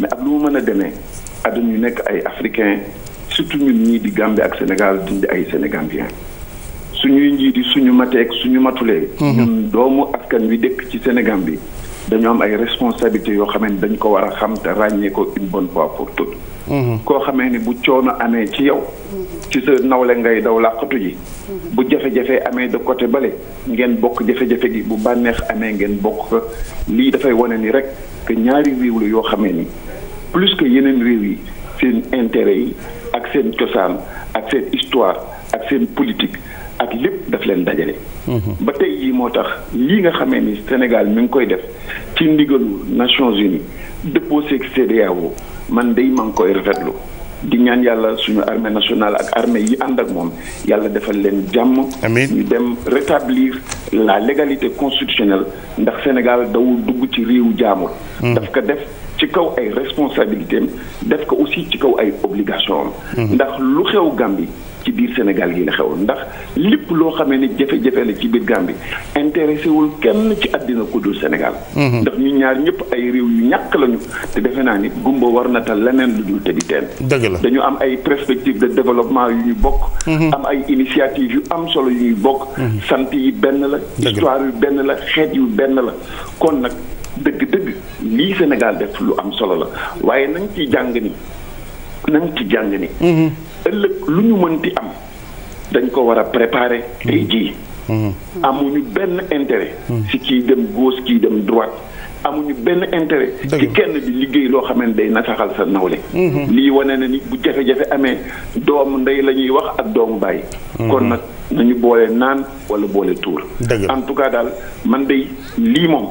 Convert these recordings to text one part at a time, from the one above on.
mais ak lu mu mën a demee àdduna ñu nekk ay africain surtout ñun ñii di Gambie ak Sénégal dindi ay sénégambien suñuy njiit yi suñu mateek suñu matulee. Mhm. ñun doomu askan wi dëkk ci Sénégal bi dañu am ay responsabilités yoo xam ne dañ ko war a xam te ràññee ko une bonne fois pour toutes. Mhm. koo xamee ni bu coono amee ci yow. ci sa nawle ngay daw làqatu ji. Mhm. bu jafe-jafe amee de côté bale ngeen bokk jafe-jafe gi bu bànneex amee ngeen bokk lii dafay wane ni rek ñaari wiiw yoo xamee ni. plus que yeneen réew yi seen intérêt yi ak seen cosaan ak seen histoire ak seen politique ak lépp daf leen dajale. Mhm. ba tey jii moo tax lii nga xamee ni Sénégal mi ngi koy def ci ndigalu Nations Unies dëppoo seeg CDAO man day maa ngi koy rafetlu. di ñaan yàlla suñu armée nationale ak armée yi ànd ak moom yàlla defal leen jàmm. amiin ñu dem rétablir la légalité constitutionnelle ndax Sénégal dawul dugg ci réewu jaamur. Mhm. daf ko def. ci kaw ay responsabilités am def ko aussi ci kaw ay obligations am. Mhm. ndax lu xew Gambie ci biir Sénégal yi la xew ndax lépp loo xamee ni jafe-jafe la ci biir Gambie intéressé wul kenn ci àddina kuddul Sénégal. Mhm. ndax ñu ñaar ñëpp ay réew yu ñàkk lañu te defe naa ni gumba war na tal leneen lu dul tëddi teen. dëgg la dañu am ay perspectives de développement yu ñu bokk. Mhm. am ay initiatives yu am solo yu ñu bokk. sant yi benn la. histoire yu benn la xeet yu benn la kon nag. dëgg-dëgg lii Sénégal def lu am solo la waaye na nga ciy jàng ni na ci jàng ni. Mhm. ëllëg lu ñu mënti am dañ ko war a préparer tey jii. Mhm. amuñu benn intérêt. si mhm. kii dem gauche kii dem droite. amuñu benn intérêt ci kenn bi liggéey loo xam ne day nasaxal sa nawle lii wane na ni bu jafe-jafe amee doomu ndey la ñuy wax ak doomu bàyyi kon nag nañu boole naan wala boole tuur en tout cas daal man day lii moom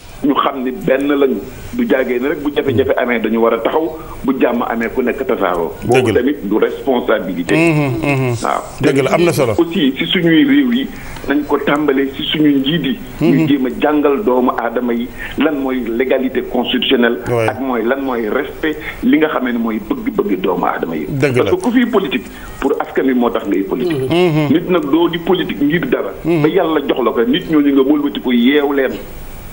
ñu xam ni benn lañu du jàggee ne rek bu jafe-jafe amee dañu war a taxaw bu jàmm amee ku nekk tasaaroo. boobu tamit du responsabilité. Mm-hmm, mm-hmm. waaw dëgg la am na solo aussi si suñuy réew yi dañ ko tàmbalee si suñu njiit yi. Mm-hmm. ñu jéem a jàngal doomu aadama yi lan mooy légalité constitutionnelle. ak mooy lan mooy respect li nga xamee ne mooy bëgg-bëgg doomu aadama yi. dëgg la parce ku fi politique pour askan wi moo tax ngay politique. nit nag doo di politique ngir dara. ba yàlla jox la ko nit ñooñu nga wëlbati ko yeew leen.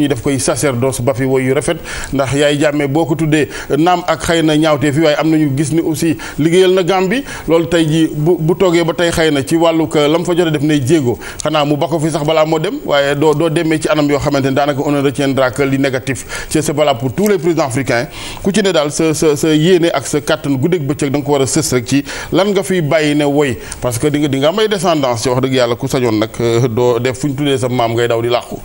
ñu def koy sacerdoce ba fi woy yu rafet ndax yaay jàmmee boo ko tuddee naam ak xëy na ñaawtee fi waaye am na ñu gis ni aussi liggéeyal na bi loolu tey ji bu bu toogee ba tey xëy na ci wàllu ko la mu fa jot def nay jéego xanaa mu bako fi sax balaa moo dem waaye doo doo demee ci anam yoo xamante ne daanaka on ne retiendra que li négatif c'est valable pour tous les présidents africains ku ci ne daal sa sa sa yéene ak sa kàttan guddeeg bëccëg da nga ko war a sës rek ci lan nga fiy bàyyi ne woy parce que di nga di nga am ay descendance ci wax dëgg yàlla ku sañoon nag euh, doo def fu ñu tuddee sa maam ngay daw di làqu